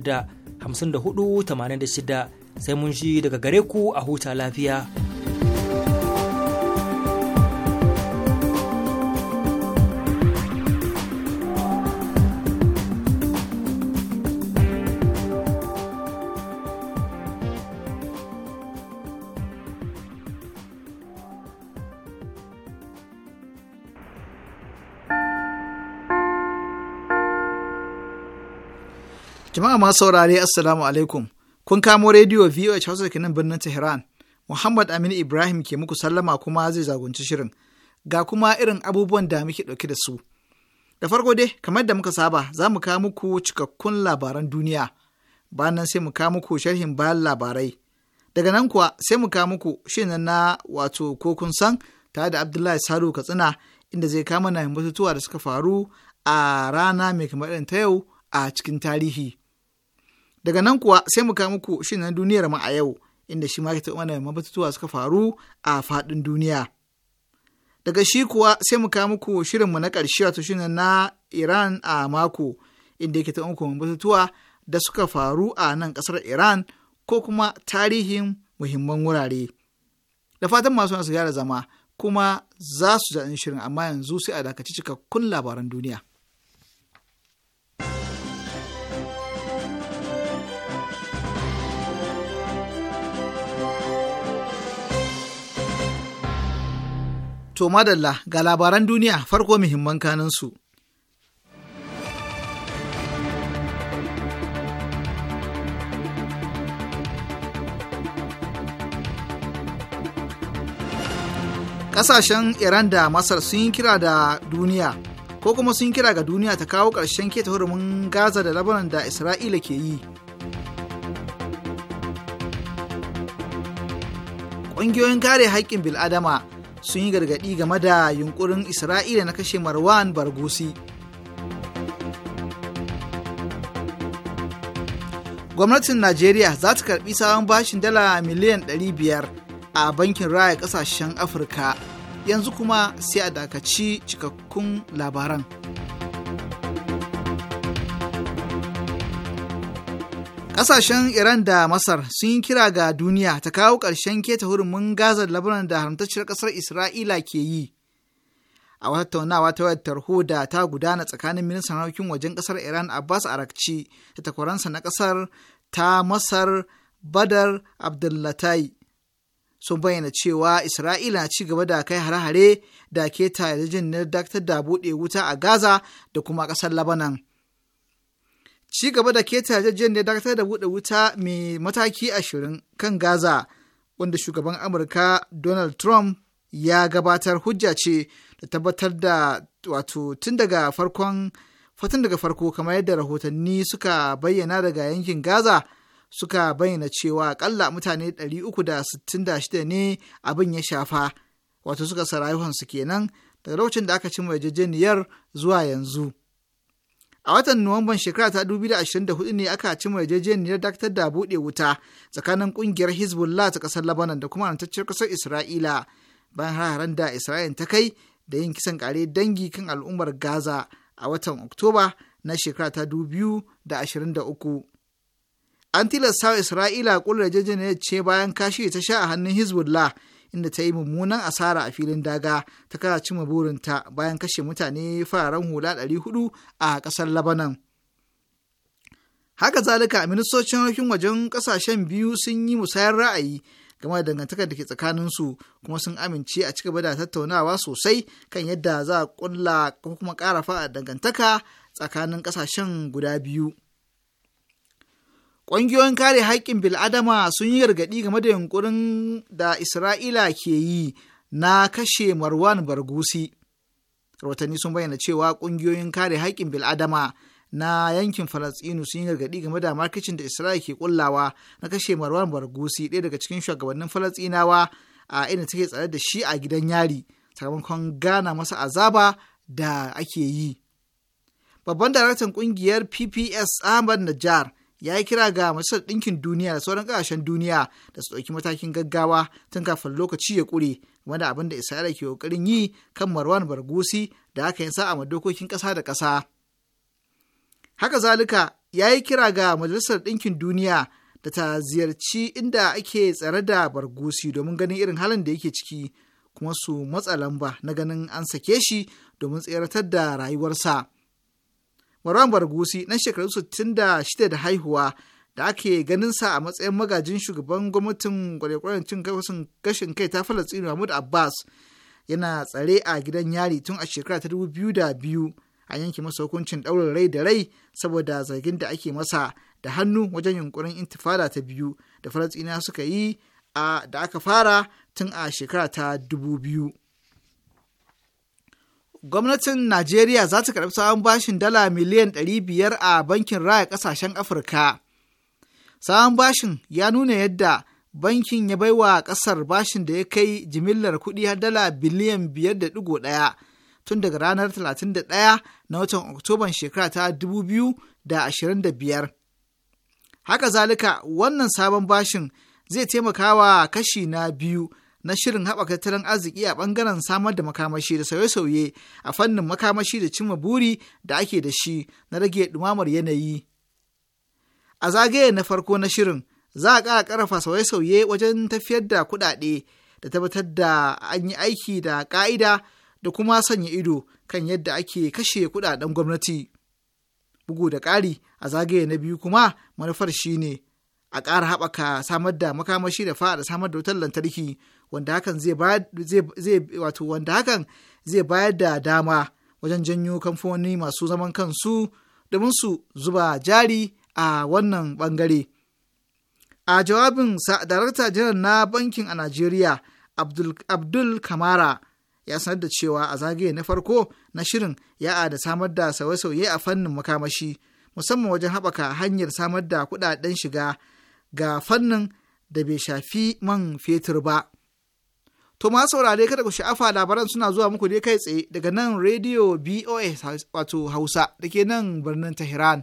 da 86 sai mun shi daga gare ku a huta lafiya. Jama'a masu saurare Assalamu alaikum. Kun kamo rediyo VOH Hausa kenan birnin Tehran. Muhammad Aminu Ibrahim ke muku sallama kuma zai zagunci shirin. Ga kuma irin abubuwan da muke ɗauke da su. Da farko dai, kamar da muka saba, za mu kawo muku cikakkun labaran duniya. Bayan nan sai mu kawo muku sharhin bayan labarai. Daga nan kuwa sai mu kawo muku shirin na wato ko kun san tare da Abdullahi Saru Katsina inda zai kama na batutuwa da suka faru a rana mai kamar ta yau a cikin tarihi. Daga nan kuwa sai mu kawo muku shirin duniyar ma a yau inda shi ma ya taɓa mana mabatutuwa suka faru a faɗin duniya. Daga shi kuwa sai mu kawo muku shirin mu na ƙarshe wato shirin na Iran a mako inda yake taɓa muku mabatutuwa da suka faru a nan ƙasar Iran ko kuma tarihin muhimman wurare. Da fatan masu su gyara zama kuma za su jaɗin shirin amma yanzu sai a dakaci cikakkun labaran duniya. To madalla ga labaran duniya farko muhimman kaninsu. Ƙasashen Iran da Masar sun yi kira da duniya ko kuma sun kira ga duniya ta kawo ƙarshen keta hurumin Gaza da Lebanon da Isra'ila ke yi. Ƙungiyoyin kare haƙƙin bil'adama sun yi gargaɗi game da yunkurin isra'ila na kashe marwan bargusi gwamnatin najeriya za ta karbi sabon bashin dala miliyan 500 a bankin raya kasashen afirka yanzu kuma sai a dakaci cikakkun labaran. Ƙasashen Iran da Masar sun yi kira ga duniya ta kawo ƙarshen keta hurumin gazar labaran da haramtacciyar ƙasar Isra'ila ke yi. A wata tattaunawa ta wayar tarho da ta gudana tsakanin ministan harkokin wajen ƙasar Iran Abbas Arakci da takwaransa na ƙasar ta Masar Badar Abdullatai sun bayyana cewa Isra'ila ci gaba da kai hare-hare da keta yarjejeniyar daktar da buɗe wuta a Gaza da kuma ƙasar Labanan. ci gaba da keta yarjejeniyar ne dakatar da buɗe wuta mai mataki ashirin kan Gaza wanda shugaban Amurka Donald Trump ya gabatar hujja ce da tabbatar da wato tun daga farkon fatan daga farko kamar yadda rahotanni suka bayyana daga yankin Gaza suka bayyana cewa kalla mutane 366 ne abin ya shafa wato suka sa rayuwansu kenan daga lokacin da aka cimma yarjejeniyar zuwa yanzu. A watan Nuwamban shekara ta 2024 ne aka ci yarjejeniyar dakatar da buɗe wuta tsakanin ƙungiyar Hezbollah ta ƙasar Lebanon da kuma antacciyar ƙasar Isra'ila bayan hararen da Isra'il ta kai da yin kisan ƙare dangi kan al'ummar Gaza a watan Oktoba na shekara ta 2023. An tilasta Isra'ila ƙulla yarjejeniyar ce bayan kashi ta sha a hannun Hezbollah inda ta yi mummunan asara a filin daga ta kara cima burinta bayan kashe mutane fararen hula 400 a ƙasar Labanan. Haka zalika ministocin harkokin wajen ƙasashen biyu sun yi musayar ra'ayi game da dangantakar da ke tsakaninsu kuma sun amince a cigaba da tattaunawa sosai kan yadda za a ƙulla ko kuma ƙara fa'a dangantaka tsakanin ƙasashen guda biyu. Ƙungiyoyin kare haƙƙin bil'adama sun yi gargaɗi game da yunkurin da Isra'ila ke yi na kashe Marwan Bargusi. Rahotanni sun bayyana cewa ƙungiyoyin kare haƙƙin bil'adama na yankin Falasɗinu sun yi gargaɗi game da markacin da Isra'ila ke kullawa na kashe Marwan Bargusi ɗaya daga cikin shugabannin Falasɗinawa a inda take tsare da shi a gidan yari sakamakon gana masa azaba da ake yi. Babban daraktan ƙungiyar PPS Ahmad Najjar ya yi kira ga majalisar ɗinkin duniya da sauran ƙasashen duniya da su ɗauki matakin gaggawa tun kafin lokaci ya ƙure game da abin da isra'ila ke ƙoƙarin yi kan marwan bargusi da aka yi sa'a ma dokokin ƙasa da ƙasa haka zalika ya yi kira ga majalisar ɗinkin duniya da ta ziyarci inda ake tsare da bargusi domin ganin irin halin da yake ciki kuma su matsa lamba na ganin an sake shi domin tseratar da rayuwarsa. Marwan Bargusi ɗan shekaru 66 da haihuwa da ake ganin sa a matsayin magajin shugaban gwamnatin kwarekwaren cin gashin kai ta Falastinu Mahmud Abbas yana tsare a gidan yari tun a shekara ta 2002 a yanke masa hukuncin ɗaurin rai da rai saboda zargin da ake masa da hannu wajen yunkurin intifada ta biyu da Falasɗina suka yi da aka fara tun a shekara ta dubu biyu. gwamnatin Najeriya za ta karɓi sabon bashin dala miliyan ɗari biyar a bankin raya ƙasashen Afirka. Sabon bashin ya nuna yadda bankin ya baiwa ƙasar bashin da ya kai jimillar kuɗi har dala biliyan 5.1 tun daga ranar talatin da ɗaya na watan Oktoban shekara ta biyar. Haka zalika wannan sabon bashin zai taimaka wa kashi na biyu na shirin haɓaka tattalin arziki a ɓangaren samar da makamashi da sauye-sauye a fannin makamashi da cimma buri da ake da shi na rage ɗumamar yanayi. A zagaye na farko na shirin za a ƙara ƙarfa sauye-sauye wajen tafiyar da kuɗaɗe da tabbatar da an yi aiki da ƙa'ida da kuma sanya ido kan yadda ake kashe kuɗaɗen gwamnati. Bugu da ƙari a zagaye na biyu kuma manufar shine a ƙara haɓaka samar da makamashi da fa'a da samar da wutar lantarki wanda hakan zai wato wanda hakan zai bayar da dama wajen janyo kamfanoni masu zaman kansu domin su zuba jari a wannan bangare. A jawabin sa darakta janar na bankin a Najeriya Abdul, Abdul Kamara ya sanar da cewa a zagaye na farko na shirin ya da samar da sauye-sauye a fannin makamashi musamman wajen haɓaka hanyar samar da kuɗaɗen shiga ga fannin da bai shafi man fetur ba. To ma saurare kada ku sha'afa labaran suna zuwa muku dai kai tsaye daga nan Radio BOA wato Hausa da ke nan birnin Tehran.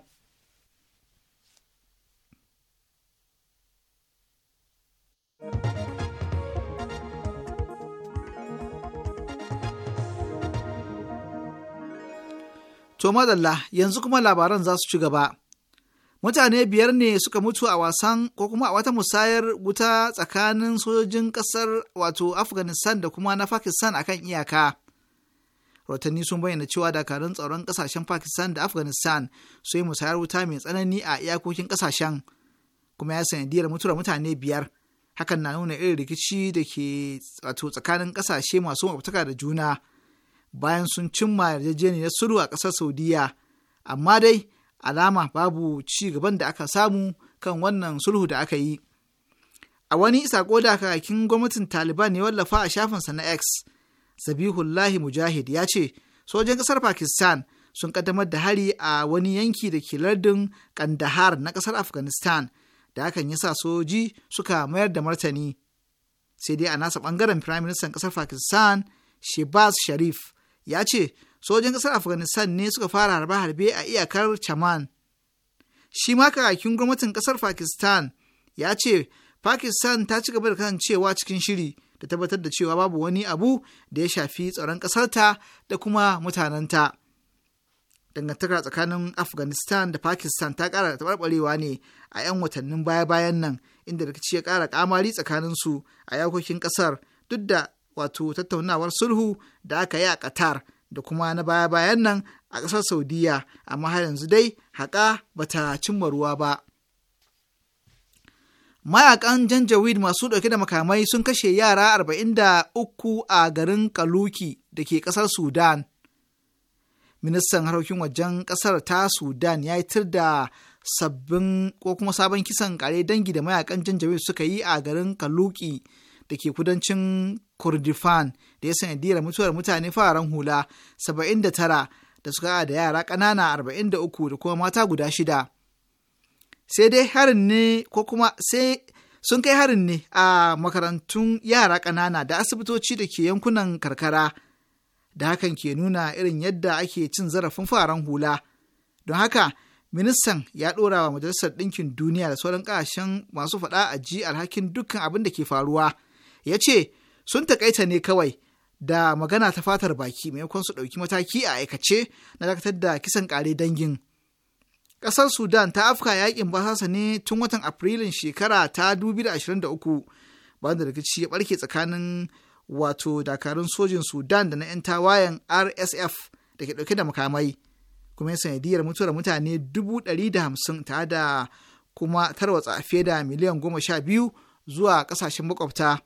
To madalla yanzu kuma labaran za su ci gaba. mutane biyar ne suka mutu a wasan ko kuma a wata musayar wuta tsakanin sojojin kasar wato afghanistan da kuma na pakistan akan iyaka rahotanni sun bayyana cewa dakarun tsaron kasashen pakistan da afghanistan su yi musayar wuta mai tsanani a iyakokin kasashen kuma ya sanadiyar mutuwar mutane biyar hakan na nuna irin rikici da ke wato tsakanin kasashe masu makwabtaka da juna bayan sun cimma yarjejeniyar sulhu a kasar saudiya amma dai alama babu ci gaban da aka samu kan wannan sulhu da aka yi. A wani sako da kakakin gwamnatin Taliban ne wallafa a shafinsa na X, Zabihullahi Mujahid ya ce, sojin ƙasar Pakistan sun ƙaddamar da hari a wani yanki da ke lardin Kandahar na ƙasar Afghanistan, da hakan ya sa soji suka mayar da martani. Sai dai a nasa ɓangaren Firaministan ƙasar Pakistan, Shebaz Sharif, ya ce, sojin ƙasar afghanistan ne suka fara harbe-harbe a iyakar chaman shi ma kakakin gwamnatin ƙasar pakistan ya ce pakistan ta ci gaba da kasancewa cikin shiri da tabbatar da cewa babu wani abu da ya shafi tsaron ƙasarta da kuma mutanenta dangantaka tsakanin afghanistan da pakistan ta ƙara taɓarɓarewa ne a 'yan watannin baya-bayan nan inda rikici ya ƙara ƙamari su a yakokin ƙasar duk da wato tattaunawar sulhu da aka yi a qatar da kuma na baya-bayan nan a ƙasar Saudiya, amma har yanzu dai haƙa bata cimma ruwa ba. Mayakan Janjaweed masu ɗauke da makamai sun kashe yara arba'in da uku a garin Kaluki da ke ƙasar Sudan. Ministan harkokin wajen ƙasar ta Sudan ya yi tir da sabbin ko kuma sabon kisan kare dangi da mayakan Janjaweed suka yi a garin Kaluki da ke kudancin Kurdifan da ya sanadiyar mutuwar mutane fararen hula 79 da suka da yara ƙanana 43 da kuma mata guda shida. Sai dai harin ne ko kuma sai sun kai harin ne a makarantun yara ƙanana da asibitoci da ke yankunan karkara da hakan ke nuna irin yadda ake cin zarafin fararen hula. Don haka, ministan ya ɗora wa majalisar ɗinkin duniya da sauran ƙasashen masu faɗa a ji alhakin dukkan abin da ke faruwa. Ya ce, sun taƙaita ne kawai da magana ta fatar baki maimakon su ɗauki mataki a aikace na dakatar da kisan ƙare dangin. Ƙasar Sudan ta afka yakin basasa ne tun watan Afrilun shekara ta 2023 bayan da rikici ya ɓarke tsakanin wato dakarun sojin Sudan da na 'yan tawayen RSF da ke ɗauke da makamai kuma sanadiyar mutuwar mutane 150 tare da kuma tarwatsa fiye da miliyan 12 zuwa ƙasashen makwabta.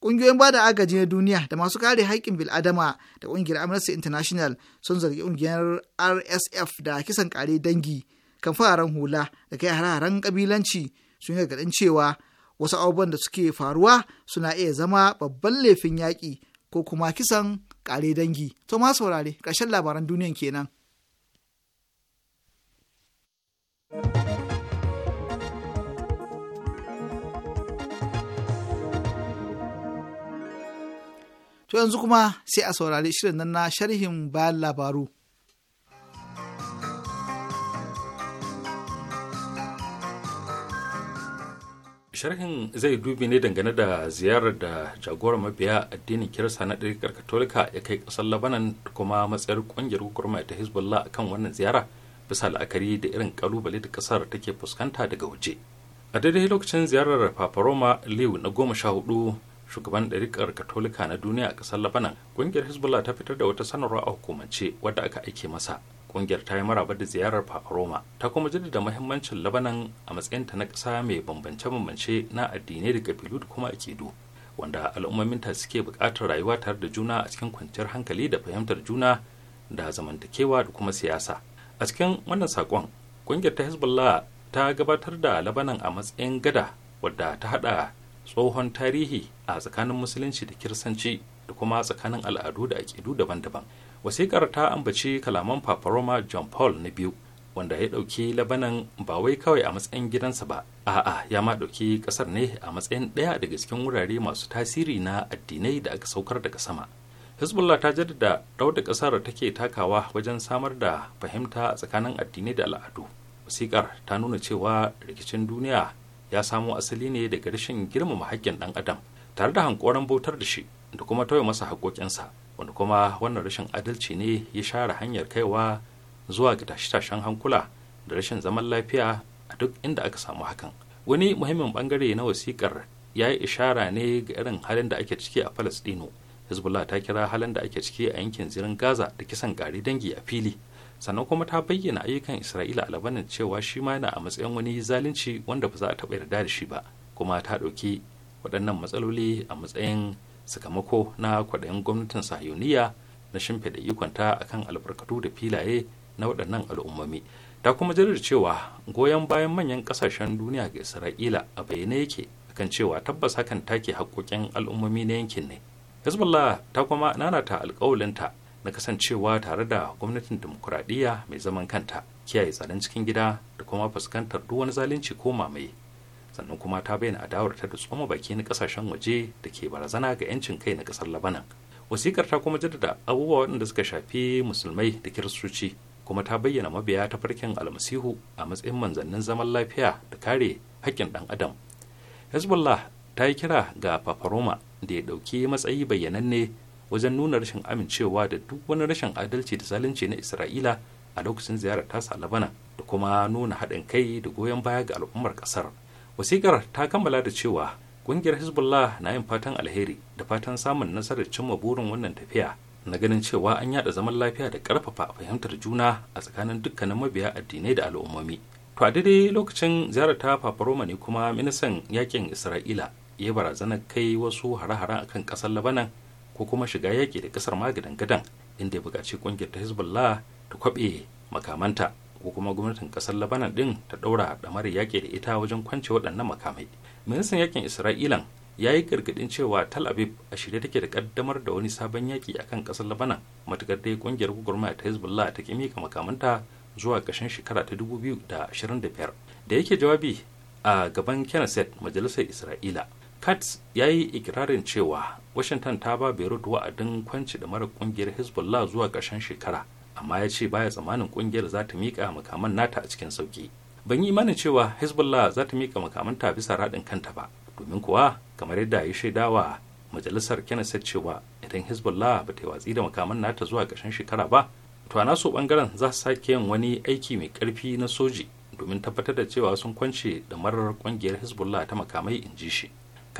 Ƙungiyoyin ba da agaji na duniya da masu kare haƙƙin bil'adama da ƙungiyar Amnesty International sun zargi ƙungiyar RSF da kisan ƙare dangi kan fararen hula da kai hare-haren ƙabilanci sun yi gargaɗin cewa wasu abubuwan da suke faruwa suna iya zama babban laifin yaƙi ko kuma kisan ƙare dangi. To ma saurare, ƙarshen labaran duniyan kenan. To yanzu kuma sai a saurari shirin nan na sharhin bayan labaru. sharhin zai dubi ne dangane da ziyarar da jagorar mabiya addinin kirista na ɗarikar katolika ya kai ƙasar labanan da kuma matsayar ƙungiyar hukumar ta hezbollah akan wannan ziyara bisa la'akari da irin ƙalubale da ƙasar take fuskanta daga waje a daidai lokacin ziyarar paparoma liu na goma sha hudu shugaban ɗarikar katolika na duniya a ƙasar labanan ƙungiyar hezbollah ta fitar da wata sanarwa a hukumance wadda aka aike masa ƙungiyar ta yi maraba da ziyarar papa roma ta kuma jaddada mahimmancin labanan a matsayin ta na ƙasa mai bambance-bambance na addinai da ƙabilu da kuma akidu wanda al'ummominta suke buƙatar rayuwa tare da juna a cikin kwanciyar hankali da fahimtar juna da zamantakewa da kuma siyasa a cikin wannan saƙon ƙungiyar ta hezbollah ta gabatar da labanan a matsayin gada wadda ta haɗa. tsohon tarihi a tsakanin musulunci da kirsanci da kuma tsakanin al'adu da aƙidu daban-daban wasiƙar ta ambaci kalaman Roma john paul na biyu wanda ya ɗauki labanan ba wai kawai a matsayin gidansa ba a'a ya ma ɗauki ƙasar ne a matsayin ɗaya daga cikin wurare masu tasiri na addinai da aka saukar daga sama hezbollah ta jaddada da ƙasar take takawa wajen samar da fahimta tsakanin addinai da al'adu wasiƙar ta nuna cewa rikicin duniya ya samo asali ne daga rashin girmama haƙƙin ɗan adam tare da hankoran bautar da shi da kuma tauye masa haƙoƙinsa wanda kuma wannan rashin adalci ne ya share hanyar kaiwa zuwa ga tashe-tashen hankula da rashin zaman lafiya a duk inda aka samu hakan wani muhimmin bangare na wasikar ya yi ishara ne ga irin halin da ake ciki a falasɗinu hezbollah ta kira halin da ake ciki a yankin zirin gaza da kisan gari dangi a fili sannan kuma ta bayyana ayyukan isra'ila a labanin cewa shi ma yana a matsayin wani zalunci wanda ba za a taɓa yarda da shi ba kuma ta ɗauki waɗannan matsaloli a matsayin sakamako na kwaɗayin gwamnatin sahiyoniya na shimfiɗa ikonta akan albarkatu da filaye na waɗannan al'ummomi ta kuma jirar cewa goyon bayan manyan ƙasashen duniya ga isra'ila a bayyane yake akan cewa tabbas hakan take haƙƙoƙin al'ummomi na yankin ne hezbollah ta kuma nanata alƙawalinta na kasancewa tare da gwamnatin demokuraɗiyya mai zaman kanta kiyaye tsaron cikin gida da kuma fuskantar duk wani zalunci ko mamaye sannan kuma ta bayyana adawarta da tsoma baki na kasashen waje da ke barazana ga 'yancin kai na kasar labanan wasikar ta kuma jaddada abubuwa waɗanda suka shafi musulmai da kiristoci kuma ta bayyana mabiya ta farkin almasihu a matsayin manzannin zaman lafiya da kare haƙƙin ɗan adam hezbollah ta yi kira ga fafaroma da ya ɗauki matsayi bayyananne wajen nuna rashin amincewa da duk wani rashin adalci da zalunci na isra'ila a lokacin ziyarar tasa labana da kuma nuna haɗin kai da goyon baya ga al'ummar ƙasar wasikar ta kammala da cewa ƙungiyar hezbollah na yin fatan alheri da fatan samun nasarar cimma burin wannan tafiya na ganin cewa an yada zaman lafiya da ƙarfafa fahimtar juna a tsakanin dukkanin mabiya addinai da al'ummomi to a daidai lokacin ziyarar ta fafaroma ne kuma ministan yakin isra'ila ya barazana kai wasu hare-haren akan ƙasar labanan ko kuma shiga yaƙi da ƙasar magadan gadan inda ya buƙaci ƙungiyar ta hezbollah ta kwaɓe makamanta ko kuma gwamnatin ƙasar labanan ɗin ta ɗaura mari yaƙi da ita wajen kwance waɗannan makamai ministan yaƙin isra'ila ya yi gargadin cewa tal aviv a shirye take da kaddamar da wani sabon yaƙi a kan kasar labanan matuƙar dai kungiyar gwagwarmaya ta hezbollah ta kimi mika makamanta zuwa ƙarshen shekara ta 2025 da yake jawabi a gaban kenneth majalisar isra'ila kat ya yi ikirarin cewa washington ta ba beirut wa'adin kwanci da mara kungiyar hezbollah zuwa ƙarshen shekara amma ya ce baya tsammanin kungiyar za ta miƙa makaman nata a cikin sauki ban yi imanin cewa hezbollah za ta miƙa ta bisa raɗin kanta ba domin kuwa kamar yadda ya shaidawa majalisar kenneth cewa idan hezbollah ba ta yi watsi da makaman nata zuwa ƙarshen shekara ba to a naso bangaren za su sake yin wani aiki mai ƙarfi na soji domin tabbatar da cewa sun kwance da marar kungiyar hezbollah ta makamai in ji shi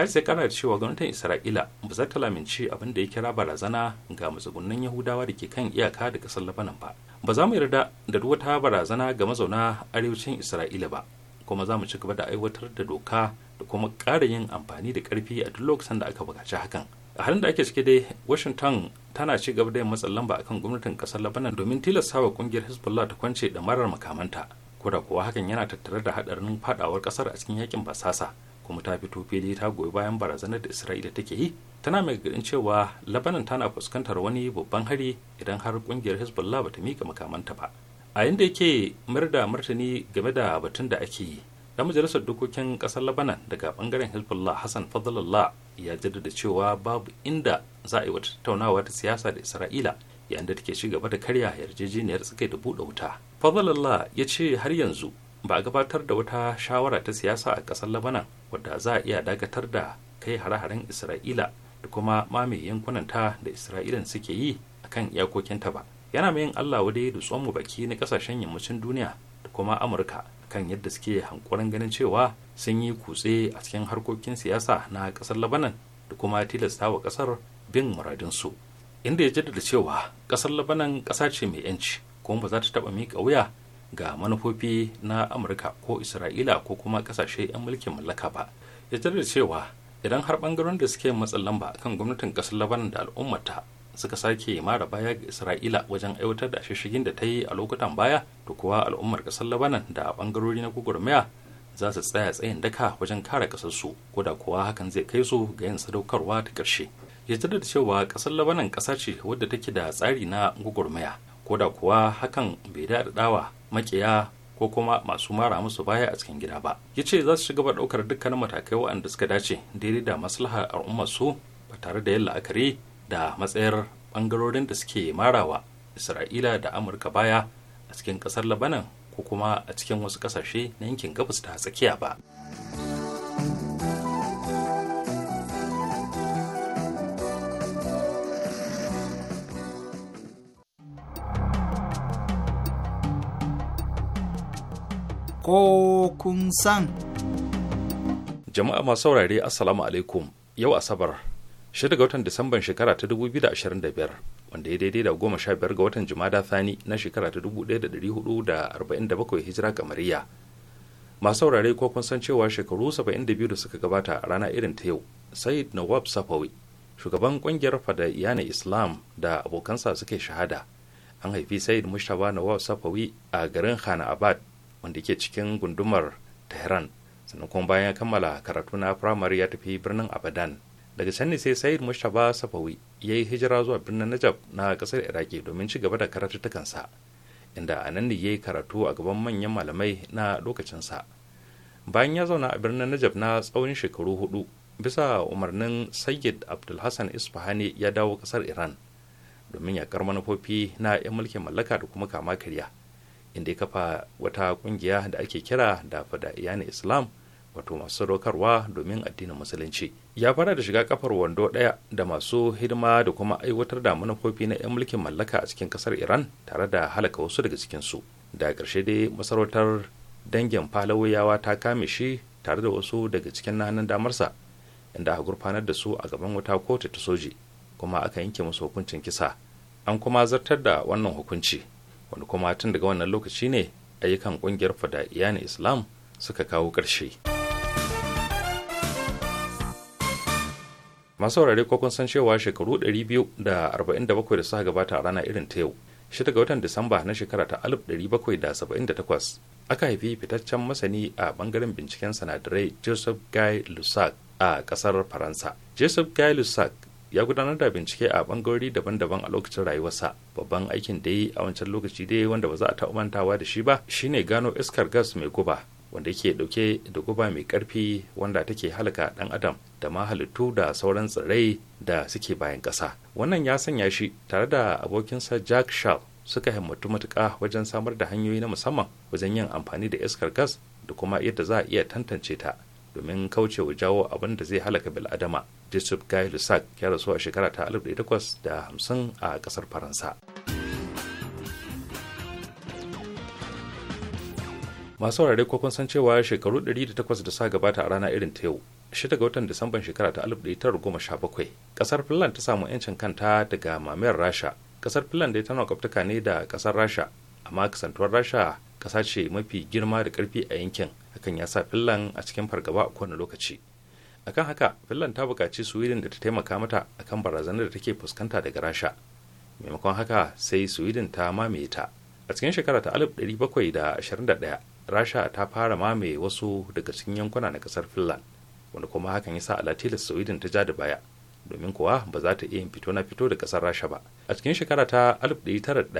har sai kara da cewa gwamnatin isra'ila ba za ta lamince abin da ya kira barazana ga matsugunan yahudawa da ke kan iyaka da kasar labanan ba ba za mu yarda da duk wata barazana ga mazauna arewacin isra'ila ba kuma za mu ci gaba da aiwatar da doka da kuma ƙara yin amfani da ƙarfi a duk lokacin da aka buƙaci hakan a halin da ake cike dai washington tana ci gaba da yin matsin lamba akan gwamnatin kasar labanan domin tilastawa kungiyar hezbollah ta kwance da marar makamanta ko da kuwa hakan yana tattare da haɗarin fadawar kasar a cikin yakin basasa kuma ta fito fili ta goyi bayan barazanar da isra'ila take yi tana mai gadin cewa labanan tana fuskantar wani babban hari idan har kungiyar hezbollah bata mika makamanta ba a yadda yake mayar da martani game da batun da ake yi dan majalisar dokokin kasar labanan daga bangaren hezbollah hassan fadlallah ya jaddada cewa babu inda za a yi wata tattaunawa ta siyasa da isra'ila yayin da take ci gaba da karya yarjejeniyar tsakai da buɗe wuta fadlallah ya ce har yanzu ba a gabatar da wata shawara ta siyasa a ƙasar labanan wadda za a iya dakatar da kai hare-haren isra'ila da kuma mamaye yankunanta da isra'ilan suke yi a kan iyakokinta ba yana mai yin allah wadai da tsohon baki na ƙasashen yammacin duniya da kuma amurka kan yadda suke hankurin ganin cewa sun yi kutse a cikin harkokin siyasa na ƙasar labanan da kuma tilasta wa ƙasar bin muradinsu inda ya jaddada cewa ƙasar labanan ƙasa ce mai yanci kuma ba za ta taɓa miƙa wuya ga manufofi na amurka ko isra'ila ko kuma kasashe 'yan mulkin mallaka ba ya da cewa idan har bangaren da suke matsin lamba kan gwamnatin kasar labanan da al'ummata suka sake mara baya ga isra'ila wajen aiwatar da shishigin da ta yi a lokutan baya to kuwa al'ummar kasar labanan da bangarori na gwagwarmaya za su tsaya tsayin daka wajen kare kasarsu su ko da kuwa hakan zai kai su ga yin sadaukarwa ta ƙarshe ya da cewa kasar labanan ƙasa ce wadda take da tsari na gwagwarmaya ko da kuwa hakan bai daɗaɗawa makiya ko kuma masu mara musu baya a cikin gida ba ya ce za su ci gaba ɗaukar dukkanin matakai waɗanda suka dace daidai da maslahar al'ummarsu su ba tare da yin la'akari da matsayar ɓangarorin da suke marawa isra'ila da amurka baya a cikin ƙasar labanan ko kuma a cikin wasu ƙasashe na yankin gabas ta tsakiya ba. ko kun san. Jama'a masu saurare Assalamu alaikum yau Asabar shida ga watan Disamban shekara ta 2025 wanda ya daidai da goma sha biyar ga watan Jumada Thani na shekara ta 1447 hijira kamariya. Masu saurare ko kun san cewa shekaru 72 da suka gabata rana irin ta yau Said Nawab Safawi shugaban kungiyar Fadaiyana Islam da abokansa suke shahada. An haifi Said Mushtaba Nawab Safawi a garin hana Abad wanda ke cikin gundumar tehran sannan kuma bayan ya kammala karatu na firamare ya tafi birnin abadan daga can ne sai sayid mustapha safawi ya yi hijira zuwa birnin najab na kasar iraki domin ci gaba da karatuttukansa inda a nan ne ya yi karatu a gaban manyan malamai na lokacinsa bayan ya zauna a birnin najab na tsawon shekaru hudu bisa umarnin sayyid abdulhassan isfahani ya dawo kasar iran domin yakar manufofi na 'yan mulkin mallaka da kuma kama karya inda ya kafa wata kungiya da ake kira da fada'iyan islam wato masu sadaukarwa domin addinin musulunci ya fara da shiga kafar wando daya da masu hidima da kuma aiwatar da manufofi na 'yan mulkin mallaka a cikin kasar iran tare da halaka wasu daga cikinsu da ƙarshe dai masarautar dangin falawayawa ta kame shi tare da wasu daga cikin nanan damarsa inda aka gurfanar da su a gaban wata kotu ta soji kuma aka yanke musu hukuncin kisa an kuma zartar da wannan hukunci wani kuma tun daga wannan lokaci ne ayyukan kungiyar fada fada'iyan islam suka kawo ƙarshe masu saurare ko kun san cewa shekaru 247 da suka gabata a rana irin ta yau shida ga watan disamba na shekara ta 1778 aka haifi fitaccen masani a bangaren binciken sanadarai joseph guy lusac a kasar faransa joseph guy lusac ya gudanar da bincike a bangarori daban-daban a lokacin rayuwarsa babban aikin da yi a wancan lokaci dai wanda ba za a taɓa mantawa da shi ba shine gano iskar gas mai guba wanda yake dauke da guba mai karfi wanda take halaka dan adam da ma halittu da sauran tsirrai da suke bayan ƙasa wannan ya sanya shi tare da abokinsa jack shaw suka himmatu matuka wajen samar da hanyoyi na musamman wajen yin amfani da iskar gas da kuma yadda za a iya tantance ta domin kauce kaucewa jawo abin da zai halaka bil'adama joseph guy lusac ya rasu a shekara ta 1850 a kasar faransa masu wurare ko kun san cewa shekaru 108 da sa gabata a rana irin ta yau 6 ga watan disamban shekara ta 1917 kasar finland ta samu 'yancin kanta daga mamayar rasha kasar finland dai tana kwaftuka ne da kasar rasha amma kasantuwar rasha kasa ce mafi girma da karfi a yankin hakan ya sa finland a cikin fargaba a kowane lokaci akan haka finland ta buƙaci sweden da ta taimaka mata akan barazanar da take fuskanta daga rasha maimakon haka sai sweden ta mamaye ta a cikin shekara ta 1721 rasha ta fara mamaye wasu daga cikin yankuna na kasar finland wanda kuma hakan ya sa alatilis sweden ta ja da baya domin kuwa ba za ta iya fito na fito da kasar rasha ba a cikin shekara ta 1901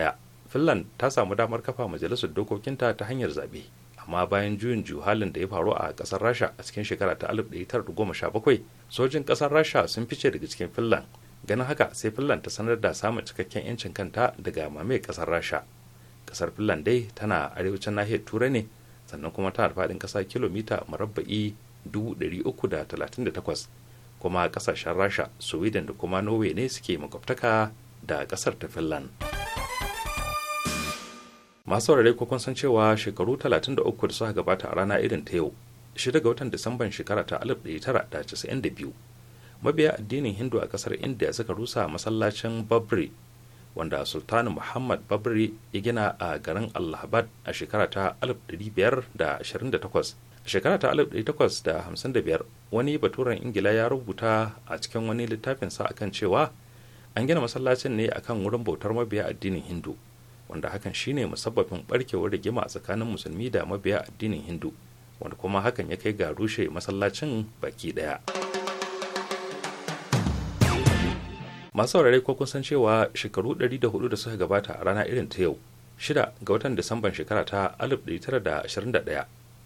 finland ta samu damar kafa majalisar dokokinta ta hanyar zaɓe amma bayan juyin halin da ya faru a kasar rasha a cikin shekara ta 1917 sojin kasar rasha sun fice daga cikin finland ganin haka sai finland ta sanar da samun cikakken 'yancin kanta daga mamaye kasar rasha kasar finland dai tana arewacin nahiyar turai ne sannan kuma tana da faɗin ƙasa kilomita marabba'i 338 kuma ƙasashen rasha sweden da kuma norway ne suke makwabtaka da ƙasar ta finland masu saurare ko kun san cewa shekaru 33 da suka gabata a rana irin ta yau shida ga watan disamban shekara ta 1992 mabiya addinin hindu a kasar india suka rusa masallacin babri wanda sultani muhammad babri ya gina a garin allahabad a shekara ta 1528 a shekara ta 1855 wani baturen ingila ya rubuta a cikin wani littafinsa akan cewa an gina masallacin ne akan wurin bautar mabiya addinin hindu wanda hakan shine musabbabin barkewar rigima tsakanin musulmi da mabiya addinin hindu wanda kuma hakan ya kai ga rushe masallacin baki daya masu saurare ko kun san cewa shekaru 104 da suka gabata a rana irin ta yau shida ga watan disamban shekara ta 1921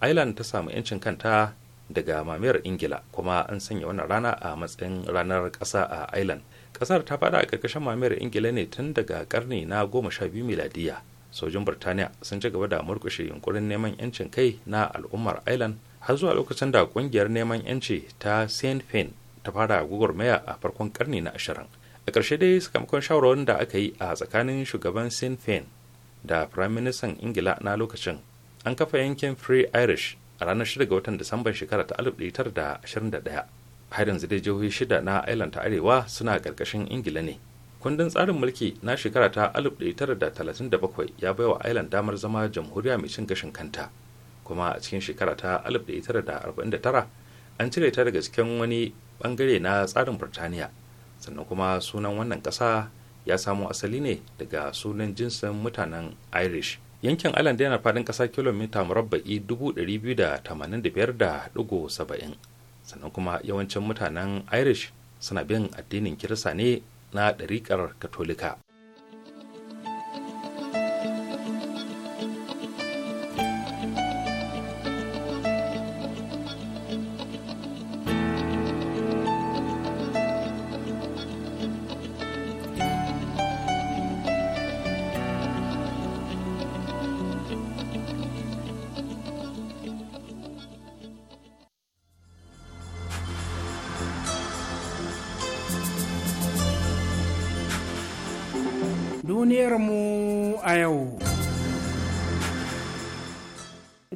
ireland ta samu 'yancin kanta daga mamayar ingila kuma an sanya wannan rana a matsayin ranar ƙasa a ireland kasar ta fada a ƙarƙashin mamayar ingila ne tun daga karni na goma sha biyu miladiya sojin birtaniya sun ci gaba da murkushe yunkurin neman yancin kai na al'ummar ireland har zuwa lokacin da ƙungiyar neman yanci ta saint fin ta fara gugurmaya a farkon karni na ashirin a ƙarshe dai sakamakon shawarwarin da aka yi a tsakanin shugaban saint fin da firaministan ingila na lokacin an kafa yankin free irish a ranar 6 ga watan disamban shekara ta da 1921 har yanzu dai jihohi shida na island ta Arewa suna karkashin Ingila ne. Kundin tsarin mulki na shekara ta 1937 ya baiwa island damar zama jamhuriya mai cin gashin kanta. Kuma a cikin shekara ta 1949 an cire ta daga cikin wani bangare na tsarin Birtaniya. Sannan kuma sunan wannan ƙasa ya samo asali ne daga sunan jinsin mutanen Irish. yankin island yana faɗin ƙasa kilomita murabba'i 285.70 sannan kuma yawancin mutanen irish suna bin addinin kirista ne na ɗariƙar katolika mu a yau.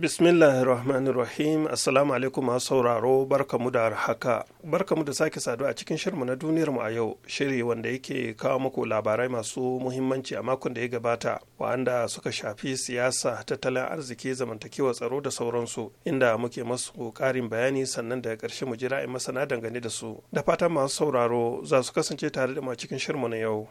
Bismillahir Rahmanir Rahim Assalamu alaikum masu sauraro barkamu da haka barkamu da sake sadu a cikin shirmu na duniyar mu a yau shiri wanda yake kawo muku labarai masu muhimmanci a makon da ya gabata wa'anda suka shafi siyasa tattalin arziki zamantakewa tsaro da sauransu inda muke masu ƙarin bayani sannan daga karshe mu jira in masana dangane da su da fatan masu sauraro za su kasance tare da mu a cikin shirmu na yau.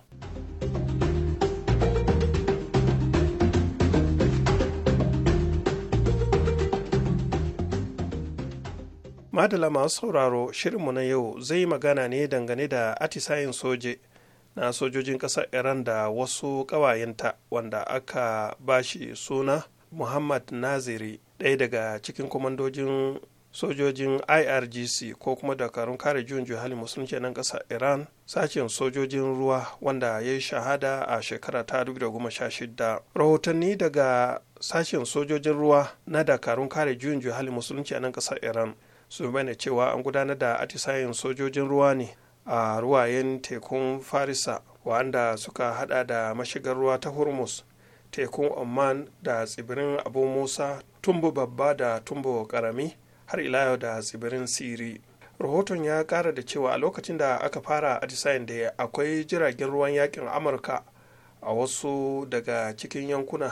madala masu sauraro shirinmu na yau zai magana ne dangane da atisayin soje na sojojin ƙasar iran da wasu ƙawayenta wanda aka bashi suna muhammad naziri ɗaya daga cikin kwamandojin sojojin irgc ko kuma dakarun kare juyin juhali musulunci nan ƙasar iran sashen sojojin ruwa wanda ya yi shahada a shekara ta 2016 rahotanni daga sashen sojojin ruwa na dakarun kare juyin juhali musulunci nan ƙasar iran sun bayyana cewa an gudanar da atisayen sojojin ruwa ne a ruwayen tekun farisa wanda suka hada da mashigar ruwa ta hormuz tekun oman da tsibirin abu musa tumbu babba da tumbu karami har ila yau da tsibirin siri rahoton ya kara da cewa a lokacin da aka fara atisayen da akwai jiragen ruwan yakin amurka a wasu daga cikin yankuna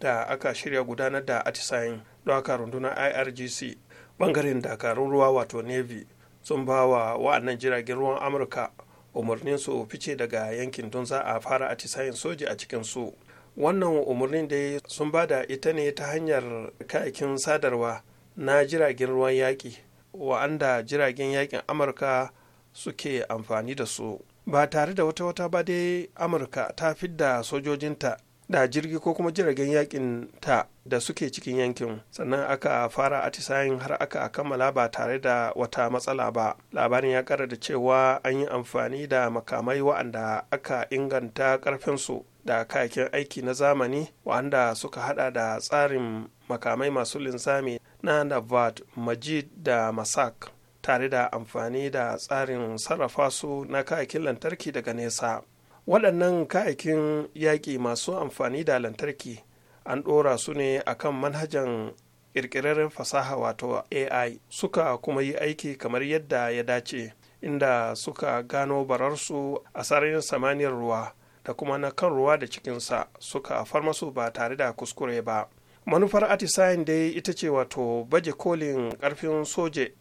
da aka shirya gudanar da atisayen don haka rundunar irgc bangaren dakarun ruwa wato navy sun ba wa wa'annan jiragen ruwan amurka umarnin su fice daga yankin don za a fara atisayen soji a cikin su wannan umarnin dai sun ba da ita ne ta hanyar kayakin sadarwa na jiragen ruwan yaƙi wa'anda jiragen yaƙin amurka suke amfani da su ba tare da wata wata ba dai amurka ta fidda sojojinta da jirgi ko kuma jiragen yakin ta da suke cikin yankin sannan aka fara atisayin har aka kammala ba tare da wata matsala ba labarin ya kara da cewa an yi amfani da makamai wa'anda aka inganta karfinsu da kayakin aiki na zamani wa'anda suka hada da tsarin makamai masu linzami na navad majid da masak tare da amfani da tsarin sarrafa su na kayakin lantarki daga nesa waɗannan kayakin yaƙi masu amfani da lantarki an ɗora su ne a kan manhajan ƙirƙirarren fasaha wato ai suka kuma yi aiki kamar yadda ya dace inda suka gano bararsu a sararin samaniyar ruwa da kuma na kan ruwa da cikinsa suka far masu ba tare da kuskure ba manufar atisayen dai ita ce wato baje kolin ƙarfin soje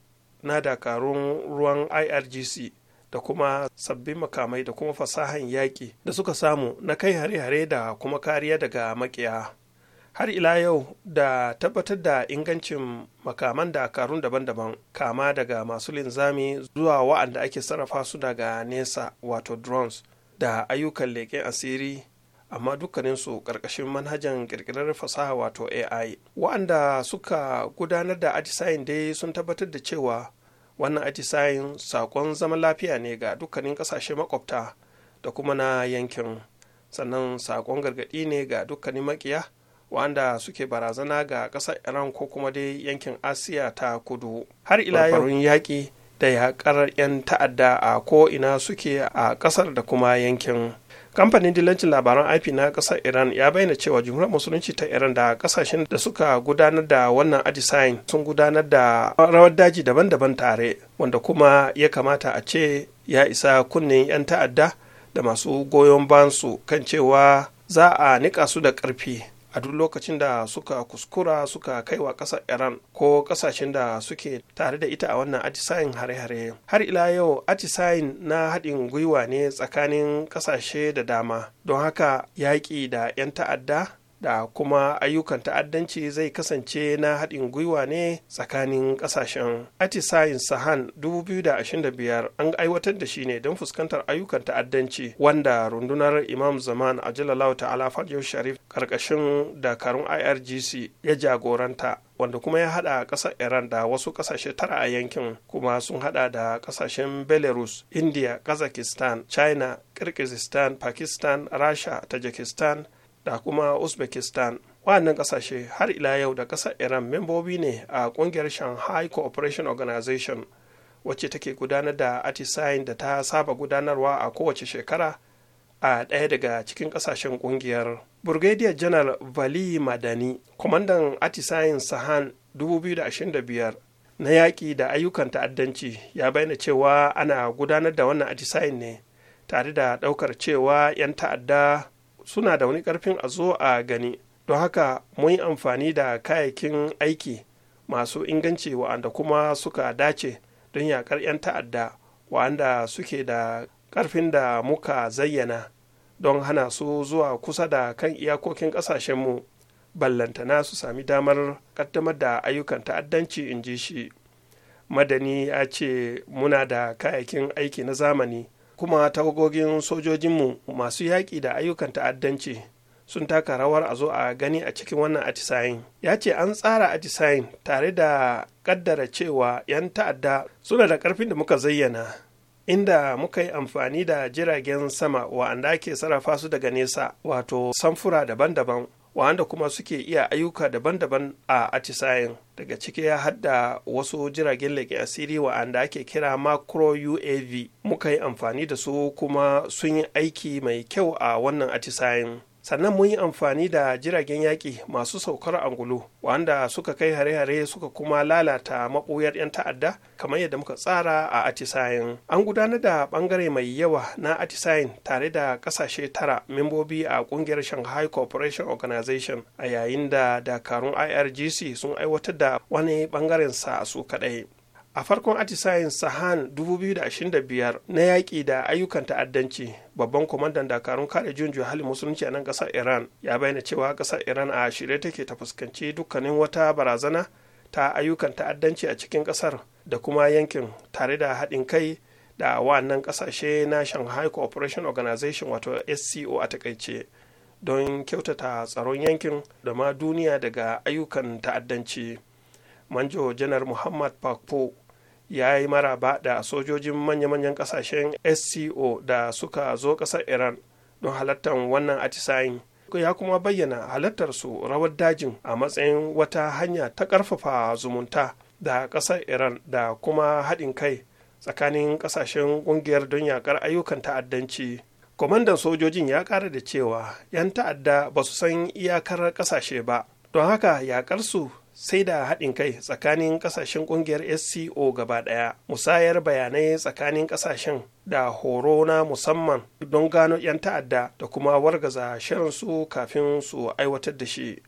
na dakarun ruwan irgc da kuma sabbin makamai da kuma fasahan yaƙi da suka samu na kai hare-hare da kuma kariya daga makiya har ila yau da tabbatar da ingancin makaman dakarun daban-daban kama daga masu linzami zuwa wa'anda ake sarrafa su daga nesa wato drones da ayyukan leƙen asiri amma dukkaninsu ƙarƙashin manhajan ƙirƙirar fasaha wato ai wa'anda suka gudanar da atisayin dai sun tabbatar da cewa wannan atisayin sakon zaman lafiya ne ga dukkanin kasashe makwabta da kuma na yankin sannan sakon gargaɗi ne ga dukkanin makiya wanda suke barazana ga ƙasar iran ko kuma dai yankin asiya ta kudu har ila yau yaƙi da yaƙar 'yan ta'adda a ko ina suke a ƙasar da kuma yankin kamfanin dillancin labaran ip na kasar iran ya bayyana cewa jumhuriyar musulunci ta iran da kasashen da suka gudanar da wannan atisayin sun gudanar da rawar daji daban-daban tare wanda kuma ya kamata a ce ya isa kunnen 'yan ta'adda da masu goyon bansu kan cewa za a nika su da ƙarfi a duk lokacin da suka kuskura suka kaiwa ƙasar iran ko ƙasashen da suke tare da ita a wannan atisayin hare-hare har ila yau atisayin na haɗin gwiwa ne tsakanin ƙasashe da dama don haka yaƙi da 'yan ta'adda da kuma ayyukan ta'addanci zai kasance na haɗin gwiwa ne tsakanin ƙasashen. Atisayin Sahan 2025 an aiwatar da shi ne don fuskantar ayyukan ta'addanci wanda rundunar Imam Zaman a Jalalau ta'ala yau Sharif ƙarƙashin dakarun IRGC ya jagoranta. wanda kuma ya hada kasar iran da wasu kasashe tara a yankin kuma sun hada da kasashen belarus india kazakistan china kirgizistan pakistan rasha tajikistan da kuma uzbekistan waɗannan ƙasashe har ila yau da ƙasar iran membobi ne a ƙungiyar shanghai cooperation organization wacce take gudanar da atisayin da ta saba gudanarwa a kowace shekara a ɗaya daga cikin ƙasashen ƙungiyar brigadier general vali madani kwamandan atisayin sahan 2025 na yaƙi da ayyukan ta'addanci ya bayyana cewa ana gudanar da wannan atisayin ne tare da ɗaukar cewa 'yan ta'adda suna da wani karfin a zo a gani don haka mun yi amfani da kayayyakin aiki masu inganci wa'anda kuma suka dace don yaƙar 'yan ta'adda wa'anda suke da ƙarfin da muka zayyana don hana su zuwa kusa da kan iyakokin ƙasashenmu ballantana su sami damar ƙaddamar da ayyukan ta'addanci in ji shi madani ya ce muna da kayayyakin aiki na zamani kuma tagogogin sojojinmu masu yaƙi da ayyukan ta'addanci sun taka rawar a zo a gani a cikin wannan atisayin ya ce an tsara atisayin tare da ƙaddara cewa 'yan ta'adda suna da ƙarfin da muka zayyana inda muka yi amfani da jiragen sama wa'anda ke sarrafa su daga nesa wato samfura daban-daban wanda kuma suke iya ayyuka daban-daban a atisayen daga ciki ya hada wasu jiragen leƙen asiri wa'anda ake kira macro uav muka yi amfani da su kuma sun yi aiki mai kyau a wannan atisayen sannan mun yi amfani da jiragen yaƙi masu saukar angulu wanda suka kai hare-hare suka kuma lalata maɓoyar 'yan ta'adda kamar yadda muka tsara a atisayen an gudanar da ɓangare mai yawa na atisayen tare da ƙasashe tara membobi a ƙungiyar shanghai corporation organization a yayin da dakarun irgc sun aiwatar da wani ɓangaren sa su kaɗai a farkon atisayen sahan 2025 na yaƙi da ayyukan ta'addanci babban kwamandan dakarun kare juyin halin musulunci a nan ƙasar iran ya bayyana cewa ƙasar iran a shirye take ta fuskanci dukkanin wata barazana ta ayyukan ta'addanci a cikin ƙasar da kuma yankin tare da haɗin kai da wannan ƙasashe na shanghai cooperation organization wato sco a takaice don kyautata tsaron yankin da ma duniya daga ayyukan ta'addanci manjo janar muhammad pakpo ya yi maraba da sojojin manya-manyan kasashen sco da suka zo kasar iran don halartar wannan atisayin ya kuma bayyana halartar su rawar dajin a matsayin wata hanya ta ƙarfafa zumunta da ƙasar iran da kuma haɗin kai tsakanin ƙasashen ƙungiyar don yaƙar ayyukan ta'addanci kwamandan sojojin ya ƙara da cewa 'yan ta'adda ba su san iyakar ƙasashe ba don haka su. sai da haɗin kai tsakanin ƙasashen ƙungiyar sco gaba ɗaya musayar bayanai tsakanin ƙasashen da horo na musamman don gano 'yan ta'adda da kuma wargaza su kafin su aiwatar da shi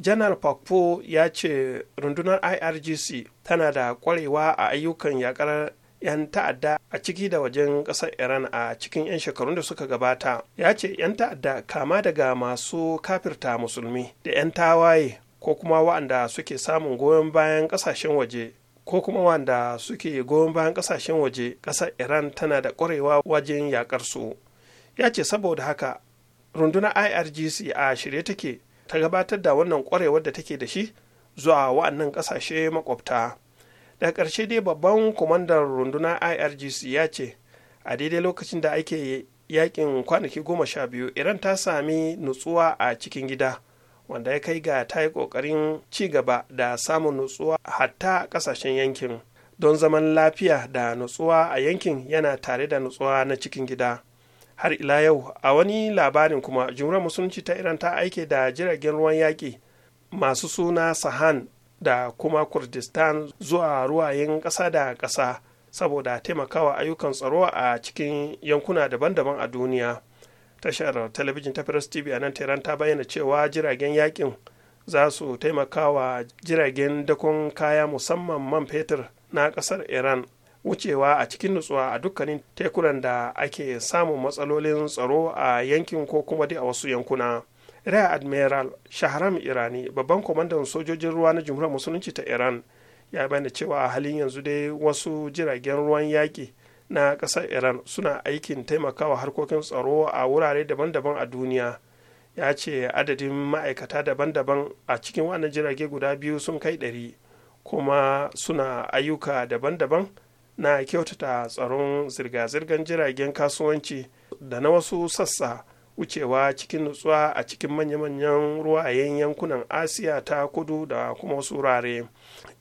janar pakpo ya ce rundunar irgc tana da ƙwarewa a ayyukan yakar 'yan ta'adda a ciki da wajen ƙasar iran a cikin 'yan shekarun da suka gabata ya ce 'yan ta'adda kama daga masu kafirta musulmi da 'yan tawaye ko kuma wa'anda suke samun goyon bayan ƙasashen waje ko kuma suke goyon bayan kasashen waje ƙasar iran tana da ƙwarewa wajen yakar su ya ce saboda haka rundunar irgc a shirye take ta gabatar da wannan ƙwarewar da take da shi zuwa wa'annan ƙasashe makwabta daga ƙarshe dai babban kwamandan rundunar irgc ya ce a daidai lokacin da ake yakin kwanaki goma sha biyu iran ta sami nutsuwa a cikin gida wanda ya kai ga ta yi ƙoƙarin ci gaba da samun nutsuwa hatta ƙasashen yankin don zaman lafiya da nutsuwa a yankin yana tare da nutsuwa na cikin gida har ila yau a wani labarin kuma jumrar musulunci ta iran ta aike da jiragen ruwan yaƙi masu suna sahan da kuma kurdistan zuwa ruwayen ƙasa da ƙasa saboda taimakawa ayyukan tsaro a cikin yankuna daban-daban a duniya tashar talabijin ta press tv a nan tehran ta bayyana cewa jiragen yakin za su taimaka wa jiragen dakon kaya musamman man fetur na kasar iran wucewa a cikin nutsuwa a dukkanin tekunan da ake samun matsalolin tsaro a yankin ko kuma dai a wasu yankuna rear admiral shahram irani babban kwamandan sojojin ruwa na jumhuriyar musulunci ta iran ya bayyana cewa a halin yanzu dai wasu jiragen ruwan yaƙi na ƙasar iran suna aikin taimakawa harkokin tsaro a wurare daban-daban a duniya ya ce adadin ma'aikata daban-daban a cikin wannan jirage guda biyu sun kai ɗari kuma suna ayyuka daban-daban na kyautata tsaron zirga-zirgar jiragen kasuwanci da na wasu sassa wucewa cikin nutsuwa a cikin manya-manyan ruwayen yankunan asiya ta kudu da kuma wasu wurare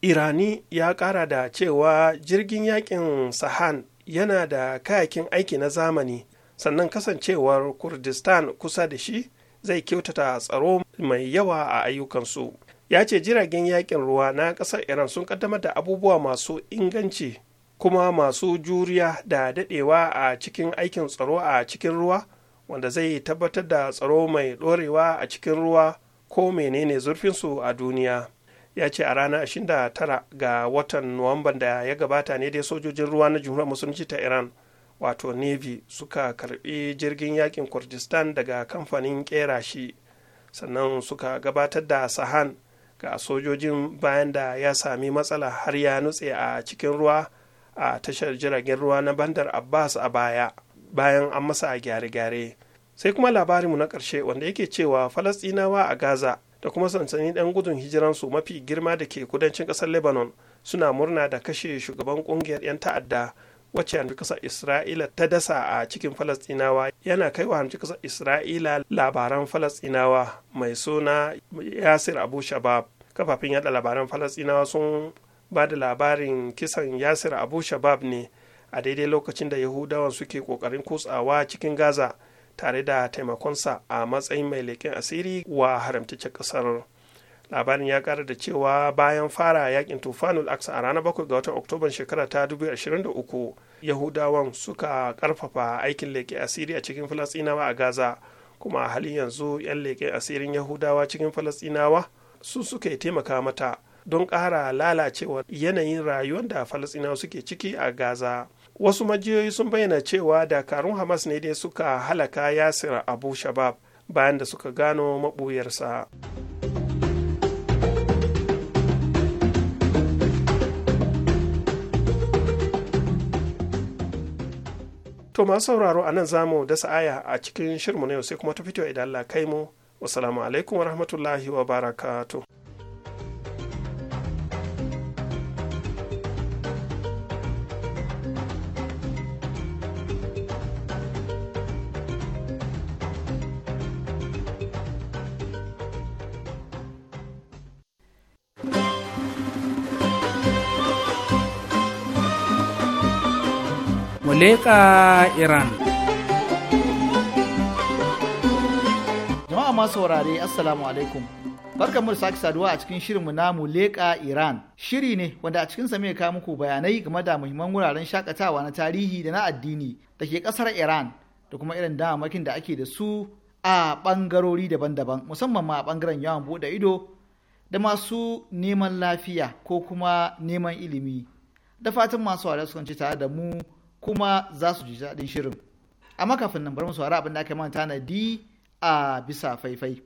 irani ya kara da cewa jirgin yakin sahan yana da kayakin aiki na zamani sannan kasancewar kurdistan kusa da shi zai kyautata tsaro mai yawa a ayyukansu ya ce jiragen yakin ruwa na ƙasar iran sun kaddamar da abubuwa masu inganci kuma masu juriya da dadewa a cikin aikin tsaro a cikin ruwa wanda zai tabbatar da tsaro mai ɗorewa a cikin ruwa ko menene zurfinsu a duniya ya ce a ranar 29 ga watan nuwamban da ya gabata ne dai sojojin ruwa na jumhuriyar musulunci ta iran wato navy suka karbi jirgin yakin kurdistan daga kamfanin kera shi sannan suka gabatar da sahan ga sojojin bayan da ya sami matsala har ya nutse a cikin ruwa a tashar jiragen ruwa na bandar abbas a baya bayan an masa gyare-gyare sai kuma labarinmu na ƙarshe wanda yake cewa falasɗinawa a gaza da kuma sansanin ɗan gudun hijiransu mafi girma da ke kudancin ƙasar lebanon suna murna da kashe shugaban ƙungiyar 'yan ta'adda wacce hanji ƙasar isra'ila ta dasa a cikin falastinawa yana kai wa ƙasar isra'ila labaran falastinawa mai suna yasir abu shabab kafafen yada labaran falastinawa sun ba da labarin kisan yasir abu shabab ne a daidai lokacin da yahudawan suke kokarin kutsawa cikin gaza tare da taimakonsa a matsayin mai leƙen asiri wa haramtacce ƙasar labarin ya ƙara da cewa bayan fara yakin tufanul aksa a ranar bakwai ga watan oktoban shekara ta 2023 yahudawan suka ƙarfafa aikin leƙe asiri a cikin falasinawa a gaza kuma a halin yanzu 'yan leƙen asirin yahudawa cikin falasinawa su suka taimaka mata don ƙara lalacewa yanayin rayuwar da falasinawa suke ciki a gaza wasu majiyoyi sun bayyana cewa dakarun hamas ne dai suka halaka yasir abu shabab bayan da suka gano maɓuyarsa. To masu sauraro a nan zamu mu dasa aya a cikin shirmu na yau sai kuma ta fito idan Allah kai mu. Wasalamu alaikum wa rahmatullahi wa barakatu. Leka iran jama'a masu saurare assalamu alaikum barkan mu da sake saduwa a cikin shirinmu na mu leka iran shiri ne wanda a cikin sa kawo muku bayanai game da muhimman wuraren shakatawa na tarihi da na addini da ke kasar iran da kuma irin damamakin da ake da su a bangarori daban-daban musamman ma a bangaren yawon bude ido da masu neman lafiya ko kuma neman ilimi da fatan masu wada sukan ci tare da mu kuma za su ji daɗin shirin amma kafin nan bari mu saurari abin da aka manta na di a bisa faifai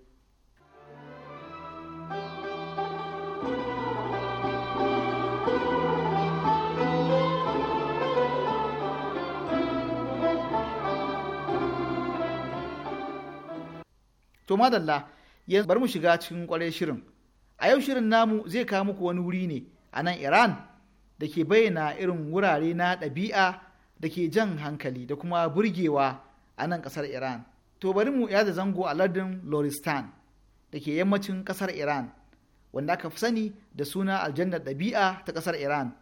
To madalla yanzu bari mu shiga cikin kwarai shirin. A yau shirin namu zai kawo muku wani wuri ne a nan Iran da ke bayyana irin wurare na ɗabi'a da ke jan hankali da kuma burgewa a nan kasar iran to bari mu yada zango a lardin loristan da ke yammacin kasar iran wanda aka fi sani da suna aljannar ɗabi'a ta kasar iran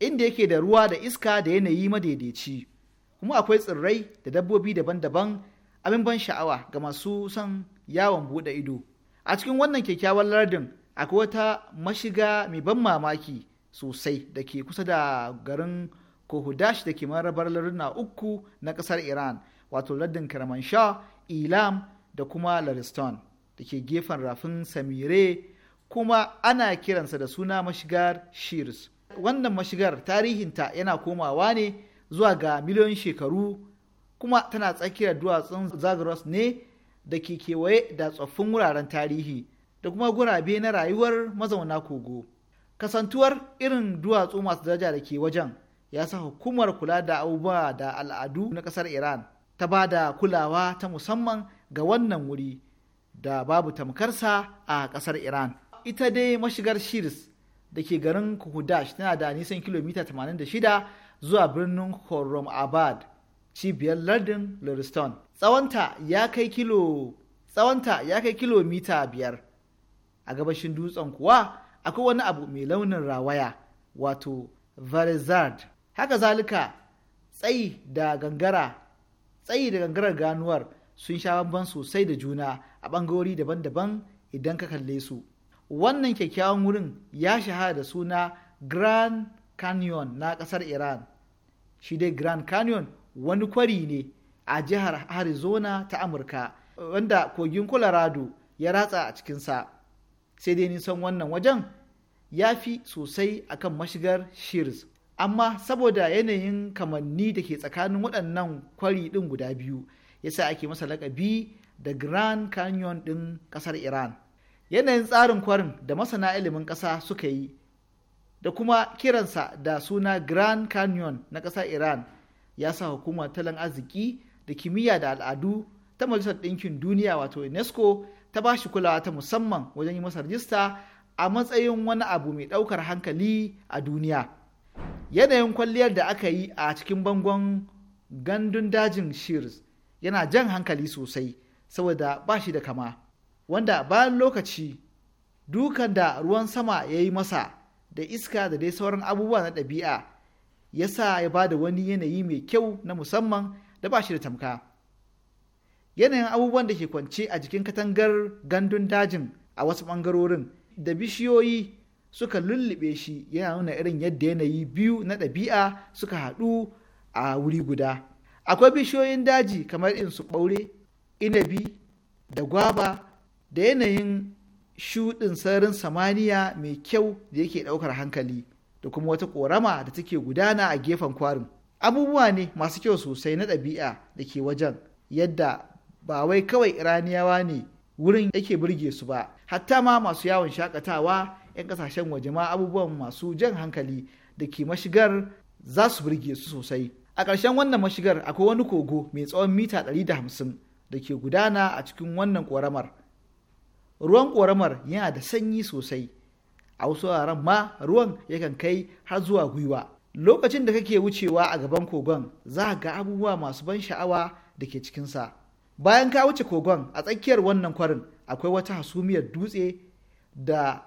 inda yake da ruwa da iska da yanayi madaidaici kuma akwai tsirrai da dabbobi daban-daban abin ban sha'awa ga masu son yawon buɗe ido a cikin wannan kyakkyawan lardin akwai wata mashiga mai ban mamaki sosai da ke kusa da garin ko hudash da ke marabar larduna uku na ƙasar iran wato lardin kermanshah ilam da kuma lariston da ke gefen rafin samire kuma ana kiransa da suna mashigar shears wannan mashigar tarihinta yana komawa ne zuwa ga miliyoyin shekaru kuma tana tsakiyar duwatsun zagros ne da ke kewaye da tsoffin wuraren tarihi da kuma gurabe na rayuwar mazauna kogo kasantuwar irin duwatsu masu daraja da ke wajen ya sa hukumar kula da abubuwa da al'adu na ƙasar iran ta ba da kulawa ta musamman ga wannan wuri da babu tamkarsa a ƙasar iran ita dai mashigar shirs da ke garin kuhudash tana da nisan kilomita 86 zuwa birnin khorram abad cibiyar lardin lurston tsawonta ya kai tsawonta kilomita biyar a gabashin dutsen kuwa akwai wani abu mai launin rawaya wato verizard haka zalika tsayi da gangara tsayi da gangarar ganuwar sun sha bamban sosai da juna a ɓangarori daban-daban idan ka kalle su wannan kyakkyawan wurin ya shahara da suna grand canyon na ƙasar iran shi dai grand canyon wani kwari ne a jihar arizona ta amurka wanda kogin colorado ya ratsa a cikinsa sai dai nisan wannan wajen ya fi sosai akan mashigar shears amma saboda yanayin kamanni da ke tsakanin waɗannan kwari ɗin guda biyu ya yasa ake masa lakabi da grand canyon ɗin ƙasar iran yanayin tsarin kwarin da masana ilimin ƙasa suka yi da kuma kiransa da suna grand canyon na ƙasar iran ya sa hukumar talan arziki da kimiyya da al'adu ta majalisar ɗinkin duniya wato unesco ta ba shi kulawa ta musamman wajen yi masa rajista a matsayin wani abu mai ɗaukar hankali a duniya yanayin kwalliyar da aka yi a cikin bangon gandun dajin shears yana jan hankali sosai saboda ba shi da kama wanda bayan lokaci dukan da ruwan sama ya yi masa da iska da dai sauran abubuwa na ɗabi'a ya sa ya ba da wani yanayi mai kyau na musamman da ba shi da tamka yanayin abubuwan da ke kwance a jikin katangar gandun dajin a wasu ɓangarorin da bishiyoyi suka lullube shi yana nuna irin yadda yanayi biyu na ɗabi'a suka haɗu a wuri guda akwai bishiyoyin daji kamar in su ɓaure inabi da gwaba da yanayin shuɗin sararin samaniya mai kyau da yake ɗaukar hankali da kuma wata ƙorama da take gudana a gefen kwarin abubuwa ne masu kyau sosai na ɗabi'a da ke wajen yadda ba wai kawai iraniyawa ne wurin yake burge su ba hatta ma masu yawon shakatawa 'yan kasashen waje ma abubuwan masu jan hankali da ke mashigar za su burge su sosai a ƙarshen wannan mashigar akwai wani kogo mai tsawon mita 150 da ke gudana a cikin wannan ƙoramar ruwan ƙoramar yana da sanyi sosai a wasu wuraren ma ruwan yakan kai har zuwa gwiwa lokacin da kake wucewa a gaban kogon za ga abubuwa masu ban sha'awa da ke cikinsa bayan ka wuce kogon a tsakiyar wannan kwarin akwai wata hasumiyar dutse da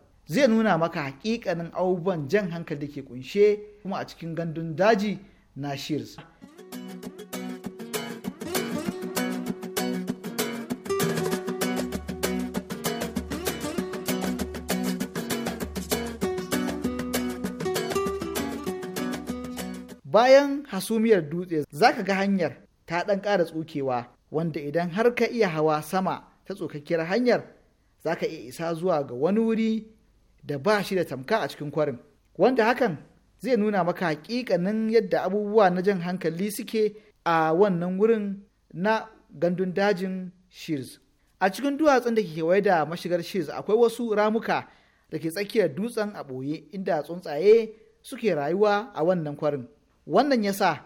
zai nuna maka hakikanin abubuwan jan hankali da ke kunshe kuma a cikin gandun daji na shears bayan hasumiyar dutse za ka ga hanyar ta ɗan ƙara tsukewa wanda idan har ka iya hawa sama ta tsokakkiyar hanyar za ka iya isa zuwa ga wani wuri da ba shi da tamka a cikin kwarin wanda hakan zai nuna maka hakikanin yadda abubuwa na jan hankali suke a wannan wurin na gandun dajin shears a cikin duwatsun da ke kewaye da mashigar shears akwai wasu ramuka da ke tsakiyar dutsen a ɓoye inda tsuntsaye suke rayuwa a wannan kwarin wannan yasa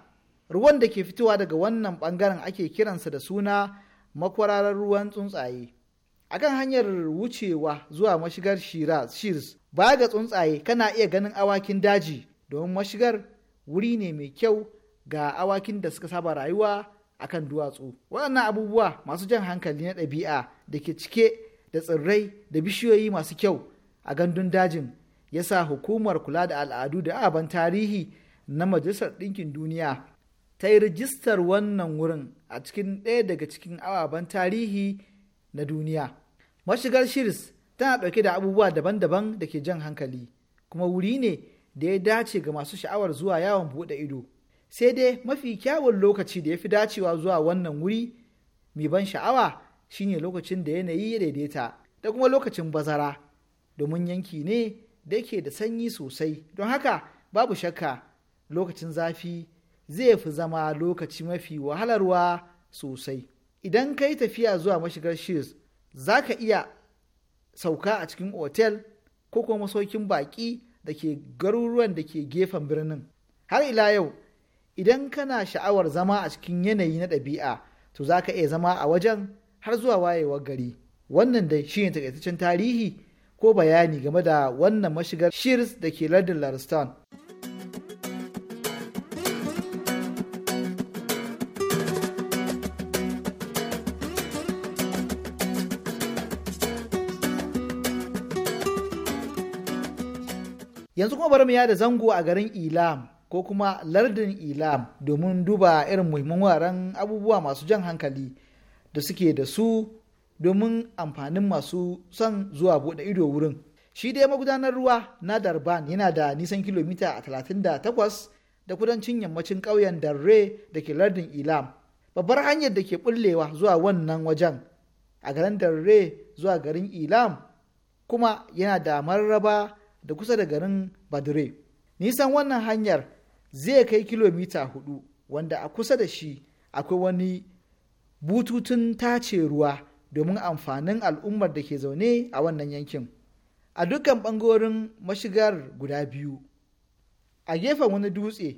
ruwan da ke fitowa daga wannan bangaren ake kiransa da suna makwararar ruwan tsuntsaye akan hanyar wucewa zuwa mashigar shirs ba ga tsuntsaye kana iya ganin awakin daji domin mashigar wuri ne mai kyau ga awakin da suka saba rayuwa akan duwatsu waɗannan abubuwa masu jan hankali na ɗabi'a da ke cike da tsirrai da bishiyoyi masu kyau a gandun dajin ya sa hukumar kula da al'adu da aban tarihi na majalisar ɗinkin duniya ta yi rijistar wannan wurin a cikin ɗaya daga cikin ababen tarihi na duniya mashigar shirs tana ɗauke da abubuwa daban-daban da ke jan hankali kuma wuri ne da ya dace ga masu sha'awar zuwa yawon buɗe ido sai dai mafi kyawun lokaci da ya fi dacewa zuwa wannan wuri mai ban sha'awa shine lokacin da yanayi ya daidaita da kuma lokacin bazara domin yanki ne da ke da sanyi sosai don haka babu shakka lokacin zafi zai fi zama lokaci mafi wahalarwa sosai. idan ka yi tafiya zuwa mashigar shiz za ka iya sauka a cikin otel ko kuma masaukin baƙi da ke garuruwan da ke gefen birnin har ila yau idan kana sha'awar zama a cikin yanayi na ɗabi'a to za ka iya zama a wajen har zuwa wayewar gari wannan da shi ne takaitaccen tarihi ko bayani game da wannan mashigar shears da ke lardin lariston. yanzu kuma bari mu yada zango a garin ilam ko kuma lardin ilam domin duba irin muhimman wuraren abubuwa masu jan hankali da suke da su domin amfanin masu son zuwa bude ido wurin shi dai magudanar ruwa na darban yana da nisan kilomita 38 da kudancin yammacin ƙauyen darre da ke lardin ilam babbar hanyar da ke bullewa zuwa wannan wajen a garin darre zuwa garin ilam kuma yana da mararraba da kusa da garin badire nisan wannan hanyar zai kai kilomita hudu wanda a kusa da shi akwai wani bututun tace ruwa domin amfanin al'ummar da ke zaune a wannan yankin a dukkan bangorin mashigar guda biyu a gefen wani dutse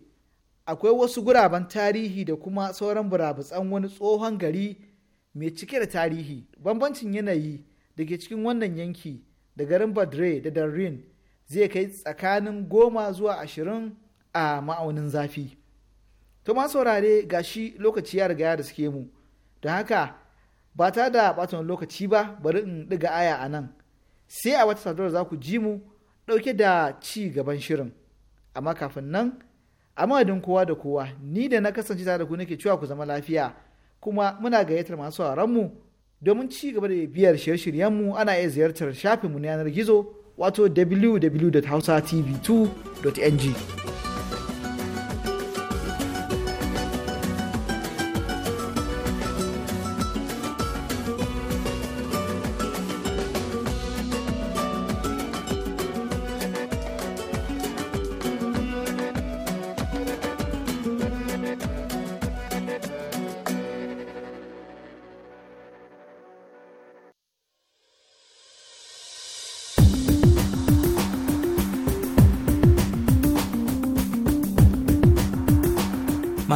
akwai wasu guraben tarihi da kuma sauran burabutsan wani tsohon gari mai cike da tarihi bambancin yanayi da ke cikin wannan yanki da garin badre da darin zai kai tsakanin goma zuwa ashirin a ma'aunin zafi to ma saurare ga shi lokaci ya riga da suke mu don haka ba ta da batun lokaci ba bari in ɗiga aya a nan sai a wata sadarwar za ku ji mu ɗauke da ci gaban shirin amma kafin nan a madadin kowa da kowa ni da na kasance tare da ku nake cewa ku zama lafiya kuma muna gayyatar masu mu domin ci gaba da biyar shirye shiryen mu, ana iya ziyartar shafinmu na yanar gizo wato www.hausatv2.ng